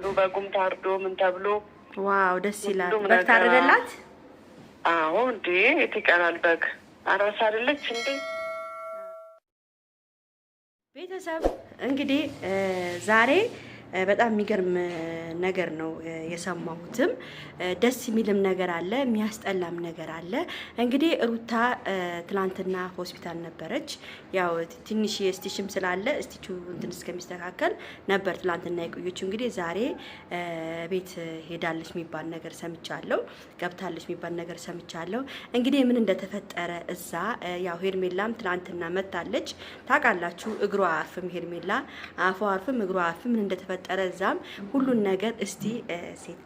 ሁሉ በጉም ታርዶ ምን ተብሎ ዋው ደስ ይላል። በግ ታረደላት? አዎ እንዴ የት ይቀራል በግ አራስ አይደለች እንዴ? ቤተሰብ እንግዲህ ዛሬ በጣም የሚገርም ነገር ነው የሰማሁትም። ደስ የሚልም ነገር አለ፣ የሚያስጠላም ነገር አለ። እንግዲህ ሩታ ትላንትና ሆስፒታል ነበረች። ያው ትንሽ ስቲችም ስላለ ስቲቹ እንትን እስከሚስተካከል ነበር ትላንትና የቆየችው። እንግዲህ ዛሬ ቤት ሄዳለች የሚባል ነገር ሰምቻለሁ፣ ገብታለች የሚባል ነገር ሰምቻለሁ። እንግዲህ ምን እንደተፈጠረ እዛ ያው ሄርሜላም ትላንትና መታለች። ታውቃላችሁ፣ እግሯ አርፍም ሄርሜላ አፏ አርፍም እግሯ አርፍም ምን እንደተፈጠረ ተፈጠረ እዛም ሁሉን ነገር እስቲ ሴት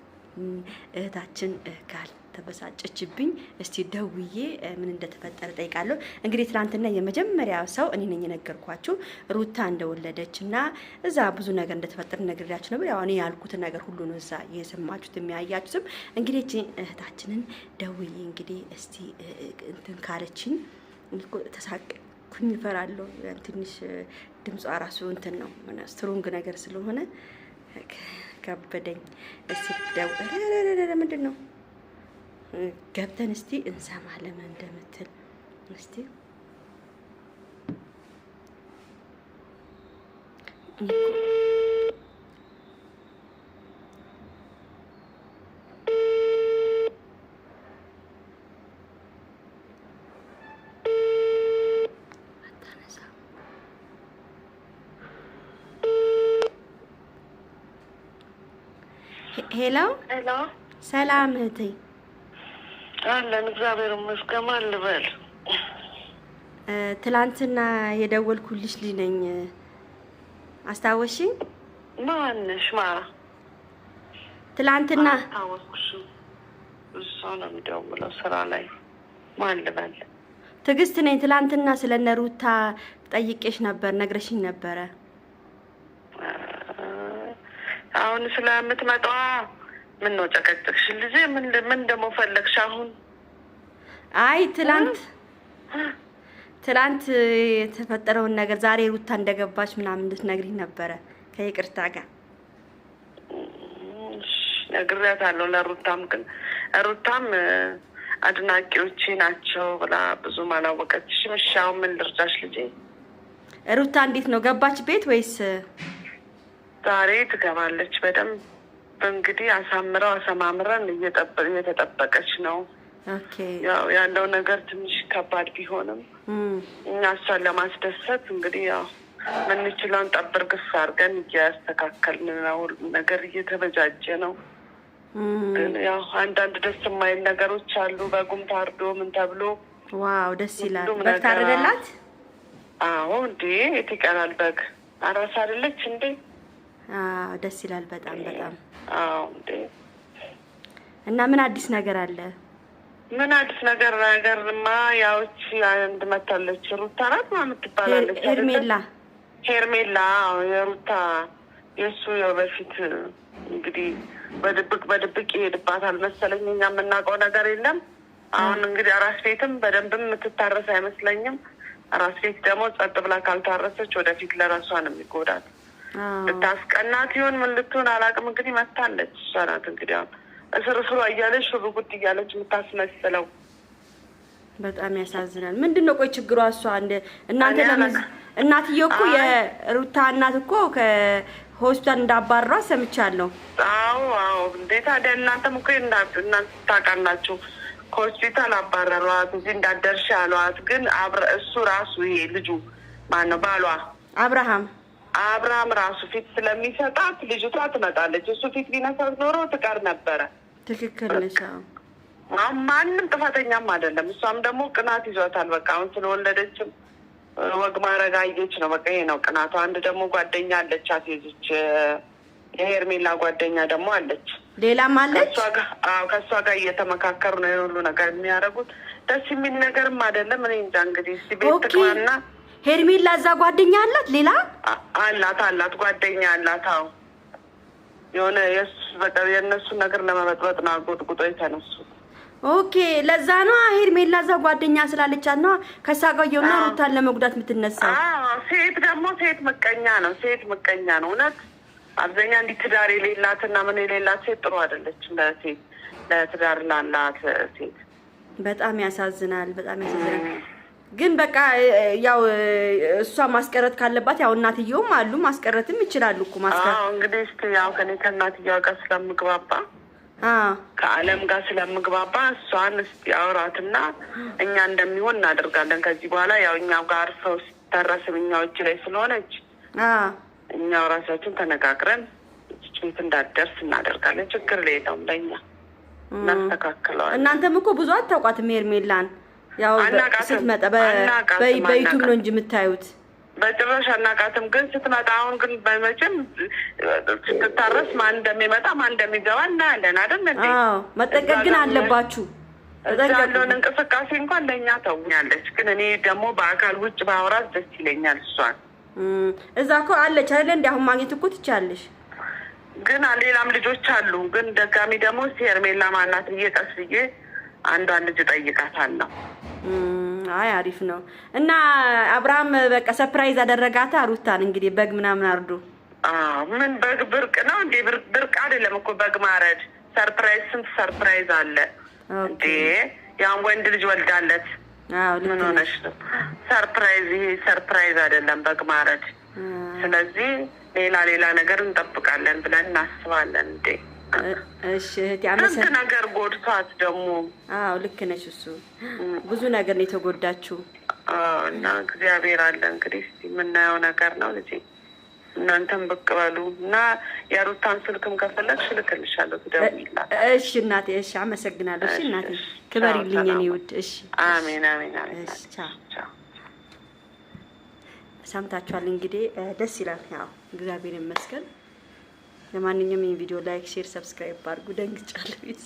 እህታችን ካል ተበሳጨችብኝ እስቲ ደውዬ ምን እንደተፈጠረ ጠይቃለሁ። እንግዲህ ትናንትና የመጀመሪያው ሰው እኔ ነኝ የነገርኳችሁ ሩታ እንደወለደች እና እዛ ብዙ ነገር እንደተፈጠረ ነግሬያችሁ ነበር። ያው እኔ ያልኩትን ነገር ሁሉ ነው እዛ የሰማችሁት የሚያያችሁትም። እንግዲህ እህታችንን ደውዬ እንግዲህ እስቲ እንትን ካለችኝ ተሳቅ ኩኝ ይፈራለሁ። ትንሽ ድምጿ ራሱ እንትን ነው ስትሮንግ ነገር ስለሆነ ከበደኝ። እስቲ ምንድን ነው ገብተን እስቲ እንሰማ ለምን እንደምትል እስቲ Thank you. ሄሎ ሰላም እህቴ አለን። እግዚአብሔር ይመስገን ልበል። ትላንትና የደወልኩልሽ ልጅ ነኝ። አስታወሽኝ? ማነሽ? ማ ትላንትና አስታወስኩሽ። እሷ ነው የሚደውለው ስራ ላይ ማን ልበል? ትዕግስት ነኝ። ትላንትና ስለነሩታ ጠይቄሽ ነበር፣ ነግረሽኝ ነበረ አሁን ስለምትመጣ ምን ነው ጨቀጭቅሽ? ልጄ ምን ምን ደግሞ ፈለግሽ አሁን? አይ ትላንት ትላንት የተፈጠረውን ነገር ዛሬ ሩታ እንደገባች ምናምን እንድትነግሪኝ ነበረ ከይቅርታ ጋር ነግሬያታለሁ። ለሩታም ግን ሩታም አድናቂዎች ናቸው ብላ ብዙም አላወቀችሽም። እሺ አሁን ምን ልርዳሽ ልጄ? ሩታ እንዴት ነው ገባች ቤት ወይስ ዛሬ ትገባለች። በደንብ እንግዲህ አሳምረው አሰማምረን እየተጠበቀች ነው። ያው ያለው ነገር ትንሽ ከባድ ቢሆንም እኛ እሷን ለማስደሰት እንግዲህ ያው ምንችለውን ጠብር ግስ አድርገን እያስተካከልን ነው። ነገር እየተበጃጀ ነው። ግን ያው አንዳንድ ደስ የማይል ነገሮች አሉ። በጉም ታርዶ ምን ተብሎ ዋው ደስ ይላል። በግ አዎ እንዴ የት ይቀራል በግ አራስ አይደለች እንዴ? ደስ ይላል በጣም በጣም። እና ምን አዲስ ነገር አለ? ምን አዲስ ነገር ነገርማ ያዎች አንድ መታለች ሩታ ናት ምናምን ትባላለች። ሄርሜላ ሄርሜላ የሩታ የእሱ በፊት እንግዲህ በድብቅ በድብቅ ይሄድባታል መሰለኝ። እኛ የምናውቀው ነገር የለም። አሁን እንግዲህ አራስ ቤትም በደንብም የምትታረስ አይመስለኝም። አራስ ቤት ደግሞ ጸጥ ብላ ካልታረሰች ወደፊት ለራሷ ነው የሚጎዳት። ልታስቀናት ይሆን ምን ልትሆን አላውቅም። እንግዲህ መታለች እሷ ናት እንግዲህ አሁን እስር ስሯ እያለች ሹብ ጉድ እያለች የምታስመስለው በጣም ያሳዝናል። ምንድን ነው ቆይ ችግሯ? እሷ እንደ እናንተ እናትዬው እኮ የሩታ እናት እኮ ከሆስፒታል እንዳባረሯ ሰምቻለሁ። አዎ አዎ። እንዴ ታዲያ እናንተም እኮ እናንተ ታውቃላችሁ ከሆስፒታል አባረሯት፣ እዚህ እንዳደርሽ አሏት። ግን እሱ ራሱ ይሄ ልጁ ማነው ባሏ አብርሃም አብርሃም ራሱ ፊት ስለሚሰጣት ልጅቷ ትመጣለች። እሱ ፊት ቢነሳት ኖሮ ትቀር ነበረ። ትክክል ነሽ። አሁን ማንም ጥፋተኛም አይደለም። እሷም ደግሞ ቅናት ይዟታል። በቃ አሁን ስለወለደችም ወግ ማድረግ አየች ነው። በቃ ይሄ ነው ቅናቱ። አንድ ደግሞ ጓደኛ አለቻት የዚች የሄርሜላ ጓደኛ ደግሞ አለች፣ ሌላም አለች። ከእሷ ጋር እየተመካከሩ ነው የሁሉ ነገር የሚያደርጉት። ደስ የሚል ነገርም አይደለም። እኔ እንጃ እንግዲህ ቤት ትግባና ሄርሜላ እዛ ጓደኛ አላት፣ ሌላ አላት አላት ጓደኛ አላት። አዎ የሆነ የሱ በቃ የእነሱን ነገር ለመመጥበጥ ነው አጎጥቁጦ የተነሱ። ኦኬ ለዛ ነው ሄርሜላ እዛ ጓደኛ ስላለቻት ነው ከሳቀየውና ሩታን ለመጉዳት የምትነሳው። ሴት ደግሞ ሴት ምቀኛ ነው፣ ሴት ምቀኛ ነው እውነት። አብዛኛ እንዲህ ትዳር የሌላትና ምን የሌላት ሴት ጥሩ አይደለችም ለሴት ለትዳር ላላት ሴት። በጣም ያሳዝናል፣ በጣም ያሳዝናል። ግን በቃ ያው እሷ ማስቀረት ካለባት ያው እናትየውም አሉ ማስቀረትም ይችላሉ እኮ ማስቀረት አዎ እንግዲህ እስኪ ያው ከኔ ከእናትየው ጋር ስለምግባባ ከአለም ጋር ስለምግባባ እሷን እስኪ አውራትና እኛ እንደሚሆን እናደርጋለን። ከዚህ በኋላ ያው እኛው ጋር ሰው ሲታረስም እኛዎች ላይ ስለሆነች እኛው ራሳችን ተነጋግረን ጭት እንዳደርስ እናደርጋለን። ችግር የለውም ለእኛ እናስተካክለዋል። እናንተም እኮ ብዙ አታውቋትም ሄርሜላን ያው ስትመጣ በዩቱብ ነው እንጂ የምታዩት በጭራሽ አናቃትም። ግን ስትመጣ አሁን ግን በመቼም ስትታረስ ማን እንደሚመጣ ማን እንደሚገባ እናያለን አይደል እንዴ? መጠንቀቅ ግን አለባችሁ። ያለውን እንቅስቃሴ እንኳን ለእኛ ተውኛለች። ግን እኔ ደግሞ በአካል ውጭ በአውራት ደስ ይለኛል። እሷን እዛ እኮ አለች አይደለ እንዲ አሁን ማግኘት እኮ ትቻለሽ። ግን ሌላም ልጆች አሉ። ግን ደጋሚ ደግሞ ሄርሜላ ማናት ብዬ አንዷን ልጅ እጠይቃታለሁ። አይ አሪፍ ነው። እና አብርሃም በቃ ሰፕራይዝ አደረጋት ሩታን እንግዲህ በግ ምናምን አርዱ። ምን በግ ብርቅ ነው እንዴ? ብርቅ አይደለም እኮ በግ ማረድ። ሰርፕራይዝ፣ ስንት ሰርፕራይዝ አለ እንዴ? ያን ወንድ ልጅ ወልዳለት ምን ሆነሽ ነው? ሰርፕራይዝ፣ ይሄ ሰርፕራይዝ አይደለም በግ ማረድ። ስለዚህ ሌላ ሌላ ነገር እንጠብቃለን ብለን እናስባለን እንዴ እሺ እህቴ ነገር ጎድቷት ደግሞ። አዎ ልክ ነች እሱ ብዙ ነገር ነው የተጎዳችው እና እግዚአብሔር አለ እንግዲህ የምናየው ነገር ነው ልጄ። እናንተም ብቅ በሉ እና የሩታን ስልክም ከፈለግሽ እልክልሻለሁ፣ ትደውይላት። እሺ እናቴ። እሺ አመሰግናለሁ። እሺ እናቴ ክበሪልኝ ውድ። እሺ አሜን፣ አሜን፣ ሰምታችኋል እንግዲህ ደስ ይላል። ያው እግዚአብሔር ይመስገን። ለማንኛውም ይህ ቪዲዮ ላይክ፣ ሼር፣ ሰብስክራይብ አድርጉ። ደንግጫለሁ።